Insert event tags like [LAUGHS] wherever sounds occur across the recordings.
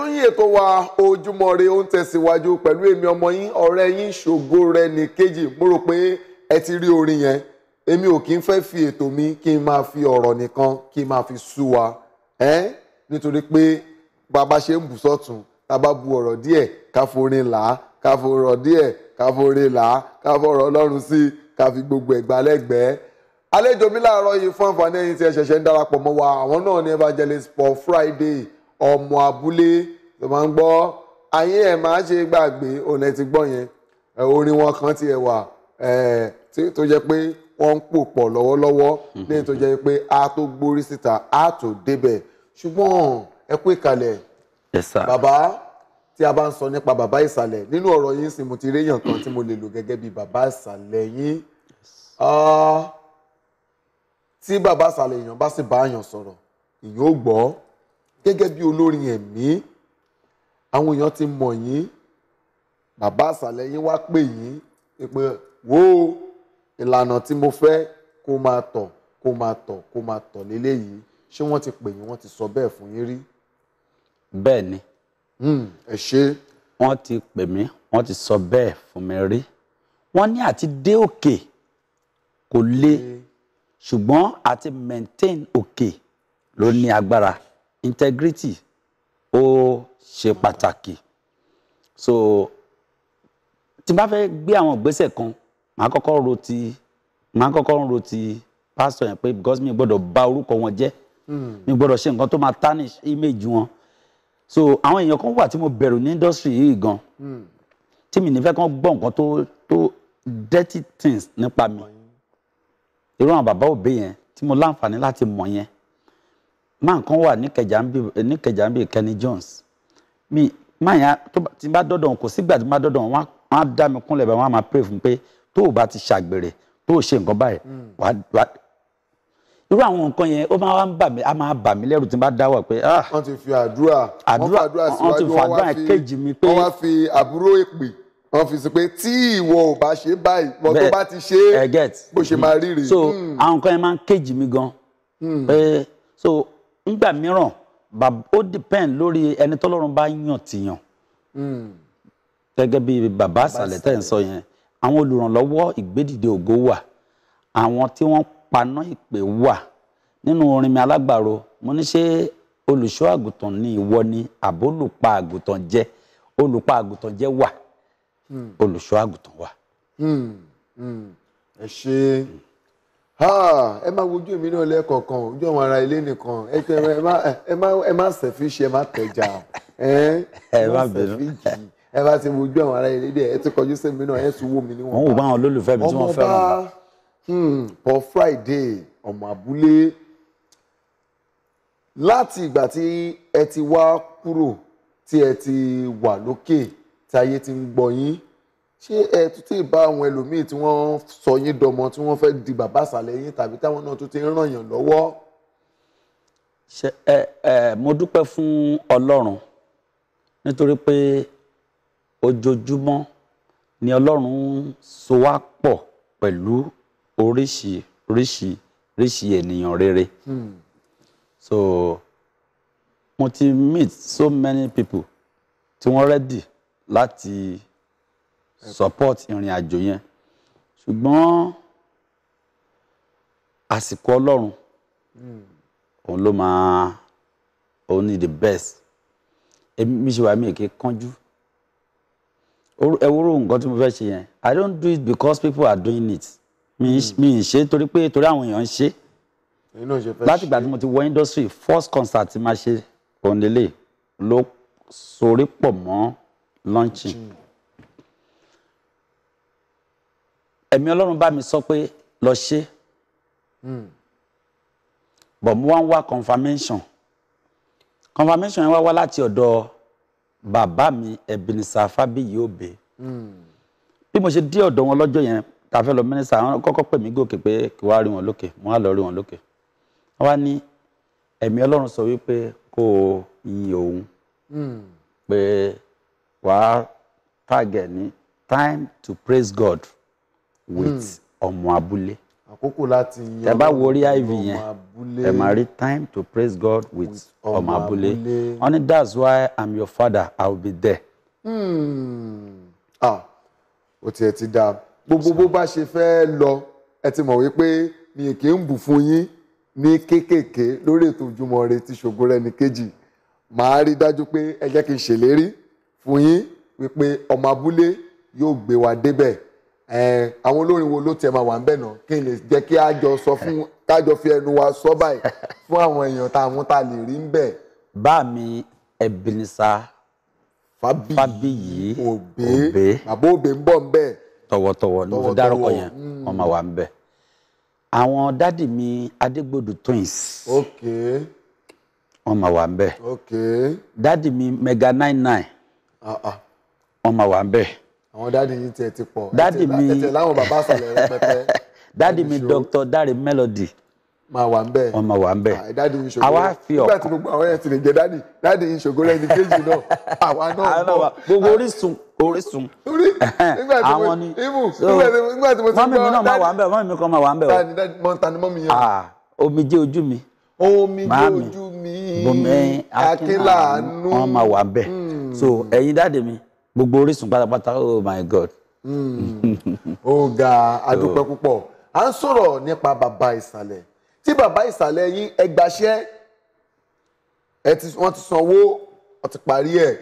ètò yín ètò wa ojúmọ́ re ó ń tẹ̀síwájú pẹ̀lú èmi ọmọ yín ọ̀rẹ́ yín ṣògo rẹ ní kejì mo rò pé ẹ ti rí orin yẹn èmi ò kí ń fẹ́ fi ètò mi kí n máa fi ọ̀rọ̀ nìkan kí n máa fi sú wa nítorí pé bàbá ṣe ń bù sọ́tún tá a bá bu ọ̀rọ̀ díẹ̀ ká forin là á ká forọ̀ díẹ̀ ká forin là á ká fọ̀rọ̀ ọlọ́run sí i ká fi gbogbo ẹ̀gbà lẹ́gbẹ̀ẹ́ àlejò mi láàárọ̀ yìí fún àǹfààní ẹ̀yin tí ẹ ṣẹ̀ṣẹ̀ ń darapọ̀ mọ́ wa àwọn náà ní evangelist Paul Friday ọmọ abúlé tó máa ń gbọ́ ayé ẹ̀ máa ṣe gbàgbé ọ̀nà ti gbọ́ yẹn orin wọn kan tiẹ̀ wà tó jẹ́ pé wọ́n ń pò pọ̀ lọ́wọ́lọ́wọ́ mhm. lẹ́yìn tó jẹ́ pé a tó gbórí síta a tó débẹ̀ ṣùgbọ́n ẹ kú ìkàlẹ̀ bàbá tí a bá ń sọ nípa bàbá ìsàlẹ̀ nínú ọ̀rọ̀ yín sì mo ti réyàn kan tí mo lè lò gẹ́gẹ́ bí bàbá ìsàlẹ̀ yín ah, tí bàbá ìsàlẹ̀ èèyàn bá sì bá àyàn sọ̀rọ̀ ìyóò gbọ́ gẹ́gẹ́ bí olórin ẹ̀mí àwọn èèyàn ti mọ̀ yín bàbá àṣàlẹ̀ yín wá pè yín pé wo ìlànà tí mo fẹ́ kó máa tọ̀ kó máa tọ̀ kó máa tọ̀ léléyìí ṣé wọ́n ti pè yín wọ́n ti sọ bẹ́ẹ̀ fún yín rí. bẹ́ẹ̀ ni. Hmm, ẹ ṣe. wọ́n ti pè mí wọ́n ti sọ bẹ́ẹ̀ fún mi rí wọ́n ní àti dé òkè kò le hmm. ṣùgbọ́n àti maintain òkè ló ní agbára integrity ó ṣe pàtàkì so tí n bá fẹ́ gbé àwọn ìgbésẹ̀ kan màá kọ́kọ́ ro ti màá kọ́kọ́ ro ti pásítọ̀ yẹn pé because mi gbọ́dọ̀ bà orúkọ wọn jẹ́ hmm. mi gbọ́dọ̀ ṣe nǹkan tó máa tarnish image wọn so àwọn èèyàn kan wà tí mo bẹ̀rù ní industry yìí gan hmm. tí mi nífẹ̀ẹ́ kan gbọ́ nǹkan tó tó dirty things nípa mi irú àwọn bàbá òbí yẹn tí mo láǹfààní láti mọ̀ yẹn máa kan wà níkẹjà ń bè Kenny Jones mi máa yàn tí n bá dọ́dọ̀ kò sígbà tí n bá dọ́dọ̀ wọn á dá mi kúnlẹ̀ bẹ́ẹ̀ wọn á máa pray fún pé tó o bá ti ṣàgbèrè tó o ṣe nǹkan báyìí wà á irú àwọn nǹkan yẹn ó máa ń bà mí á máa bà mí lẹ́rù tí n bá dáwọ̀ pé. Ah. wọ́n ti fi àdúrà wọ́n fi àdúrà síwájú wọ́n wá fi àbúrò ìpè wọ́n fi sí pé tí ìwọ ò bá ṣe báyìí wọ́n tó bá ti ṣe é bó ṣe máa rí rèé. so hmm. àwọn nǹkan yẹn máa hmm. so ngbà ba o depend lórí ẹni tọ́lọ́run bá yàn tìyàn hmm. gẹ́gẹ́ bí bàbá àṣàlẹ̀ tẹ̀ ń sọ yẹn àwọn olùrànlọ́wọ́ ìgbédìde ògo wà àwọn tí wọ́n paná ìpè wà nínú orin mi alágbàro mo ní ṣe olùṣọ́ àgùntàn ni ìwọ ni àbó olùpa àgùntàn jẹ́ olùpa àgùntàn jẹ́ wà hmm. olùṣọ́ àgùntàn wà. Hmm. ẹ ṣe. Mm ẹ máa wojú mi náà lẹ́ẹ̀kọ̀ọ̀kan ojú àwọn ará ilé nìkan ẹ má sẹ̀fíṣì ẹ má tẹ̀jà ẹ má sẹ̀fíṣì ẹ bá ti wojú àwọn ará ilé dẹ̀ ẹ ti kọjú sí mi náà ẹ tún wò mí níwọ̀n. wọn wò bá àwọn olólùfẹ́ mi tí wọ́n fẹ́ràn. ọmọ bá hmm, Paul Friday ọmọ abúlé láti ìgbà tí ẹ ti wá kúrò tí ẹ ti wà lókè tí ayé ti ń gbọ́ yín ṣé ẹ tún ti bá àwọn ẹlòmíín tí wọ́n sọ yín dọmọ tí wọ́n fẹ́ di bàbá àsàlẹ̀ yín tàbí táwọn náà tún ti ràn yàn lọ́wọ́. ṣe ẹ ẹ mo dúpẹ́ fún Ọlọ́run nítorí pé ojoojúmọ́ ni Ọlọ́run so wá pọ̀ pẹ̀lú oríṣiríṣiríṣi ènìyàn rere. Hmm. so mo ti meet so many people tí wọ́n rẹ́dì láti support ìrìn àjò yẹn ṣùgbọ́n àsìkò ọlọ́run òun ló máa òun ni the best èmi ṣe wà mí èké kánjú ẹ nǹkan tí mo fẹ́ ṣe yẹn i don't do it because people are doing it mi ì ṣe torí pé torí àwọn èèyàn ń ṣe láti ìgbà tí mo ti wọ industry first concert tí ma ṣe òun lélẹ̀ ló sorí pọ̀ mọ́ launching. Mm. ẹ̀mí ọlọ́run bá mi sọ pé lọ ṣe hmm. but mo wá ń wá confirmation confirmation yẹn wá wá láti ọ̀dọ̀ bàbá mi Ebenezer Fábíyì Òbè hmm. bí mo ṣe dé ọ̀dọ̀ wọn lọ́jọ́ yẹn tá a fẹ́ lọ mínísítà àwọn kọ́kọ́ pè mí gòkè pé kí wàá rí wọn lókè mo wá lọ rí wọn lókè wọn wá ní ẹ̀mí ọlọ́run sọ wípé kó o yin òun hmm. pé wàá tàgẹ̀ ní time to praise God with hmm. ọmọ mm. abúlé àkókò láti yan tẹ́ bá wo orí iv yẹn ẹ máa rí time to praise God with ọmọ abúlé only that's why i'm your father i will be there. Hmm. ah ó tiẹ̀ ti dáa gbogbo bó bá ṣe fẹ́ lọ ẹ ti mọ̀ wípé mi èké ń bù fún yín ní kéékèèké lórí ètò Ojúmọ́ Ire tí Ṣògorẹ́ni Kejì màá rí dájú pé ẹ jẹ́ kí n ṣèlérí fún yín wípé ọmọ abúlé yóò gbé wa débẹ̀. àwọn olórin wo ló tiẹ̀ máa wà ń bẹ̀ náà kí n lè jẹ́ kí a [LAUGHS] fi ẹnu wa sọ báyìí fún àwọn èèyàn tá tá lè rí ń bẹ̀. bá mi Ebenezer yìí òbí bàbá Òbé ń bọ̀ ń bẹ̀. tọwọ́tọwọ́ ló fi yẹn wọ́n máa wà ń bẹ̀. àwọn mi twins. wọ́n wà ń bẹ̀. mi Mega nine nine. Ah, ah. wọ́n wà ń àwọn dáàdi yìí tiẹ̀ ti pọ̀ dáàdi mi ẹ̀tẹ̀ láwọn bàbá àṣàlẹ̀ rẹpẹtẹ. [LAUGHS] dáàdi mi Dr. Dare Melody. máa wà ń bẹ̀. wọ́n máa wà ń bẹ̀. dáàdi yìí ṣògo àwa fi ọ̀kan nígbà tí gbogbo àwọn ẹ̀sìn ìjẹ dáàdi dáàdi yìí ṣògo rẹ̀ ní kéjì náà àwa náà mọ̀. gbogbo orísun orísun. àwọn ni nígbà tí mo ti gbọ́ dáàdi. mọ́mí mi náà máa wà ń bẹ̀ mọ́mí mi kan máa wà ń bẹ̀ o. tani mọ́mí yẹn. Ah, omijé ojú mi. omijé ojú mi. bùnmi akínlànú. wọ́n máa wà ń bẹ̀ hmm. so ẹ̀yin dáàdi mi gbogbo orísun pátápátá oh my god. Hmm. ó ga adúpẹ́ púpọ̀ à ń sọ̀rọ̀ nípa bàbá ìsàlẹ̀ tí bàbá ìsàlẹ̀ yín ẹ gbaṣẹ́ wọ́n ti sanwó wọ́n ti parí ẹ̀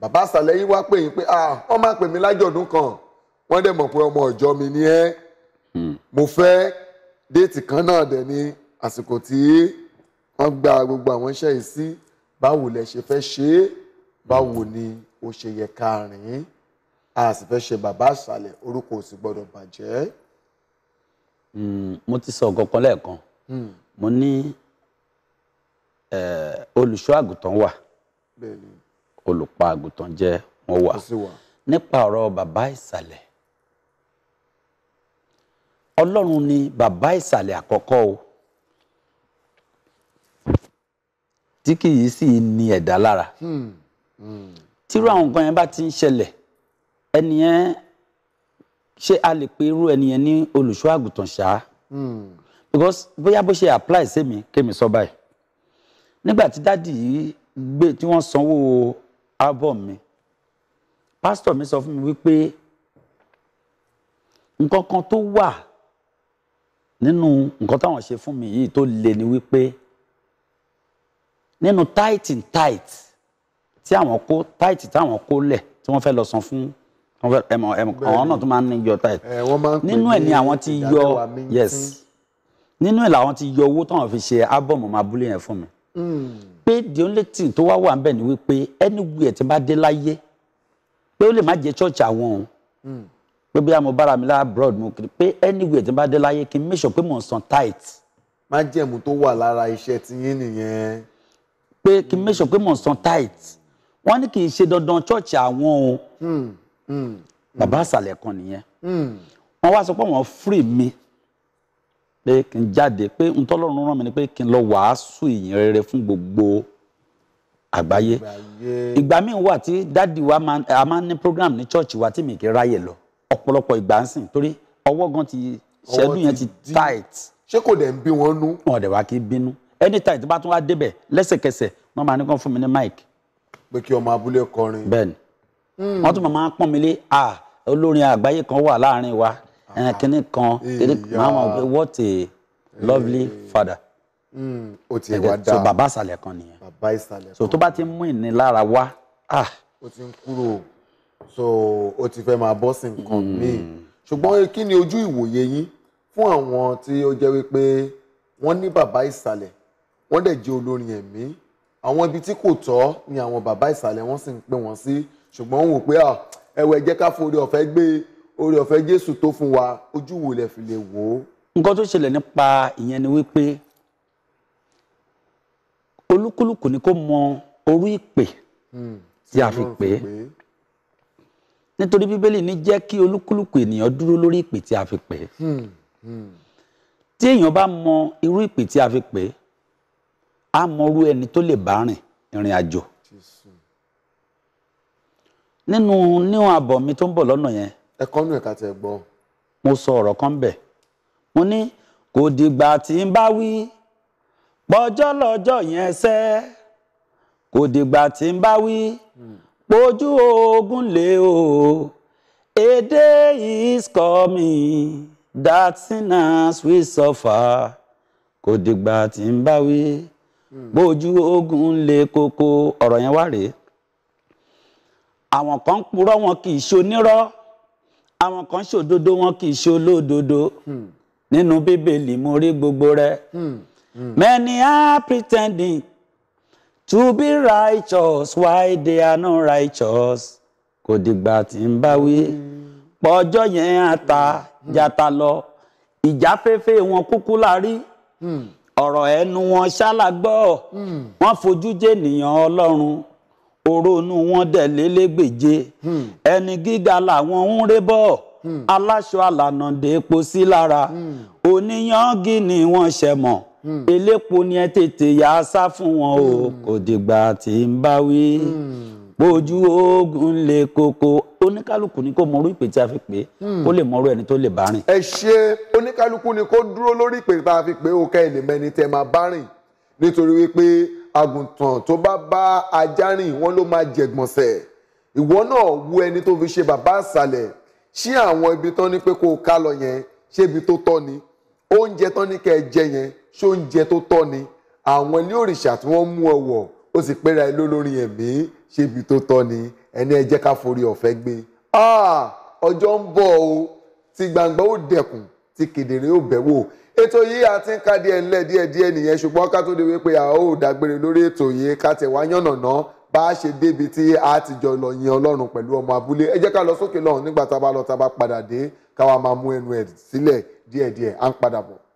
bàbá ìsàlẹ̀ yín wá pè yín pé ah, wọ́n máa pè mí lájọ̀dún kan wọ́n dẹ̀ mọ̀ pé ọmọ ọ̀jọ́ mi ni ẹ́ hmm. mo fẹ́ déètì kan náà dẹ̀ ni àsìkò tí wọ́n gba gbogbo àwọn iṣẹ́ yìí sí báwo lẹ ṣe fẹ́ ṣe é báwo ni. Mm ó ṣe yẹ ká rìn a sì fẹ́ ṣe bàbá àṣàlẹ̀ orúkọ ò sì gbọ́dọ̀ bàjẹ́. Hmm, mo ti sọ ọ̀gọ̀ kan lẹ́ẹ̀kan hmm. mo ní olùṣọ́ àgùntàn wà olùpa àgùntàn jẹ́ wọ́n wà nípa ọ̀rọ̀ bàbá ìsàlẹ̀ ọlọ́run ni bàbá ìsàlẹ̀ àkọ́kọ́ o tí kì í sì ní ẹ̀dá lára. Hmm, tírú àwọn nǹkan yẹn bá ti ń ṣẹlẹ̀ ẹni yẹn ṣé a lè pe irú ẹni yẹn ní olùṣọ́ àgùntàn ṣáá hmm. because bóyá bó ṣe apply sẹ́mi kémi sọ báyìí nígbà tí dáàdì yìí gbé tí wọ́n sanwó album mi pásítọ̀ mi sọ fún mi wípé nǹkan kan tó wà nínú nǹkan táwọn ṣe fún mi yìí tó le ni wípé nínú tight in tight tí àwọn kó táìtì táwọn kó lẹ̀ tí wọ́n fẹ́ lọ san fún ẹmọ ẹmọ àwọn náà tó máa ń ní yọ táìtì nínú ẹ̀ ni àwọn ti yọ yes nínú ẹ̀ làwọn ti yọ owó táwọn fi ṣe ábọ̀mù máa búlé yẹn fún mi hmm. pé the only thing tó wá wà ń bẹ̀ ni wípé anywhere tí bá dé láyé pé ó lè má jẹ́ church àwọn o hmm. pé bí mo bára mi lá abroad mo kiri pé anywhere tí bá dé láyé kí n make pé mo ń san táìtì. májẹ̀mú tó wà lára iṣẹ́ tiyín nìyẹn. pé kí n make pé mo ń san táìtì wọ́n ní kì í ṣe dandan chọ́ọ̀chì àwọn o hmm, hmm, hmm. bàbá àṣàlẹ̀ kan nìyẹn wọ́n wá sọ pé wọ́n free mi pé kí n jáde pé n tọ́lọ́run rán mi ni pé kí n lọ wàásù ìyìn rere fún gbogbo àgbáyé ìgbà míì wà tí dádì wa a máa ní program ní chọ́ọ̀chì wa tí mi kì í ráyè lọ ọ̀pọ̀lọpọ̀ ìgbà ń sìn torí ọwọ́ gan ti ṣẹ́dún yẹn ti tight. ṣé kò dẹ̀ ń bí wọn nú. wọn dẹ̀ wá kí bínú anytime tí bá tún wá débẹ̀ lẹ́sẹ̀kẹsẹ̀ wọ́n máa ní kàn fún mi ní mic pé kí ọmọ abúlé kọrin. bẹ́ẹ̀ni hmm. wọn tún máa pọ́n mi lé a olórin àgbáyé kan wà láàrin wa ah. kínní kan kínní kan what a lovely eh. father. o hmm, ti wá dáa so bàbá ìsàlẹ̀ kan nìyẹn bàbá ìsàlẹ̀ kan so tó bá ti mú ìnilára wá. o ti ń kúrò so o ti fẹ́ máa bọ́ sí nǹkan hmm. míì ṣùgbọ́n kí ni ojú ìwòye yín fún àwọn tí ó jẹ́ wípé wọ́n ní bàbá ìsàlẹ̀ wọ́n dẹ̀ jẹ́ olórin ẹ̀mí àwọn ibi tí kò tọ́ ni àwọn bàbá ìsàlẹ̀ wọn sì ń pè wọ́n sí ṣùgbọ́n wọ́n wò pé ah, ẹ̀wẹ̀ jẹ́ ká fún ọ̀fẹ́ gbé oore ọ̀fẹ́ Jésù tó fún wa ojú wo lẹ fi lè wò ó. nǹkan tó ṣẹlẹ̀ nípa ìyẹn ni wípé olúkúlùkù ni kó mọ orú ìpè hmm, tí a fi pè é nítorí bíbélì ní jẹ́ kí olúkúlùkù ènìyàn dúró lórí ìpè tí a fi pè é hmm, hmm. tí èèyàn bá mọ irú ìpè tí a fi pè é á mọrú ẹni tó lè bá rìn ìrìn àjò nínú níwọn àbọ̀ mi tó ń bọ̀ lọ́nà yẹn. ẹ̀kọ́ nù ẹ̀ka tẹ gbọ́. mo sọ ọ̀rọ̀ kan bẹ̀ mo ní kò dìgbà tí ń bá wí pọ́jọ́ lọ́jọ́ yẹn ṣẹ́ kò dìgbà tí ń bá wí pojú ogun lé o a day is coming that sinners will suffer kò dìgbà tí ń bá wí bójú ogun le koko ọ̀rọ̀ yẹn wá rèé àwọn kan ń purọ́ wọn kì í ṣonírọ́ àwọn kan ṣòdodo wọn kì í ṣe olódodo hmm. nínú bíbélì mo rí gbogbo rẹ̀ hmm. hmm. many are pretending to be righteous while they are not righteous kò dìgbà tí ń bá wí pọ́jọ́ yẹn ata jata lọ ìjáfẹ́fẹ́ wọn kúkú la rí ọ̀rọ̀ ẹnu wọn ṣálágbọ́ hmm. wọ́n fojú jẹ́nìyàn ọlọ́run òrónú wọn dẹ̀ lélégbèje hmm. ẹni gíga làwọn ń ré bọ̀ hmm. aláṣọ àlànàdé epo sí lára oníyangí ni wọ́n ṣẹ̀ mọ̀ elépo ni ẹ tètè yà á sá fún wọn o kò dìgbà tí ń bá wí pójú ogun lè koko oníkálukú ni kó mọrú ìpè tí a fi pè é hmm. kó lè mọrú ẹni tó lè bá rìn. ẹ ṣe oníkálukú ni kó dúró lórí ìpè tá a fi pè é òkè ẹni mẹni tẹ máa bá rìn nítorí wípé àgùntàn tó bá bá ajá rìn wọn ló máa jẹgbọnsẹ ìwọ náà wo ẹni tó fi ṣe bàbá àṣàlẹ ṣé àwọn ibi tán ni pé kó o ká lọ yẹn ṣé ibi tó tọ́ ni oúnjẹ tán ni kẹ́ ẹ jẹ yẹn ṣé oúnjẹ tó tọ́ ni àwọn ilé òrìṣà tí wọ́n mú ọ wọ̀ ó sì pẹ́ra ẹ lólórin ẹ̀mí ṣe ibi tó tọ́ ni ẹni ẹ jẹ́ ká forí ọ̀fẹ́ gbé ah, ọjọ́ ń bọ̀ o tí gbangba ó dẹkùn tí kedere ó bẹ̀ wò ètò yìí àti ń ka díẹ̀ ńlẹ̀ díẹ̀ díẹ̀ nìyẹn ṣùgbọ́n ká tó de wípé a ó dágbére lórí ètò yìí ká tẹ̀ wá yànnàná bá a ṣe débi tí a ti jọ lọ yin ọlọ́run pẹ̀lú ọmọ abúlé ẹ jẹ́ ká lọ sókè lọ́hùn nígbà tá a bá lọ tá a bá padà dé káwa máa mú ẹnu ẹ̀ sílẹ̀ díẹ̀díẹ̀ à ń padà bọ̀.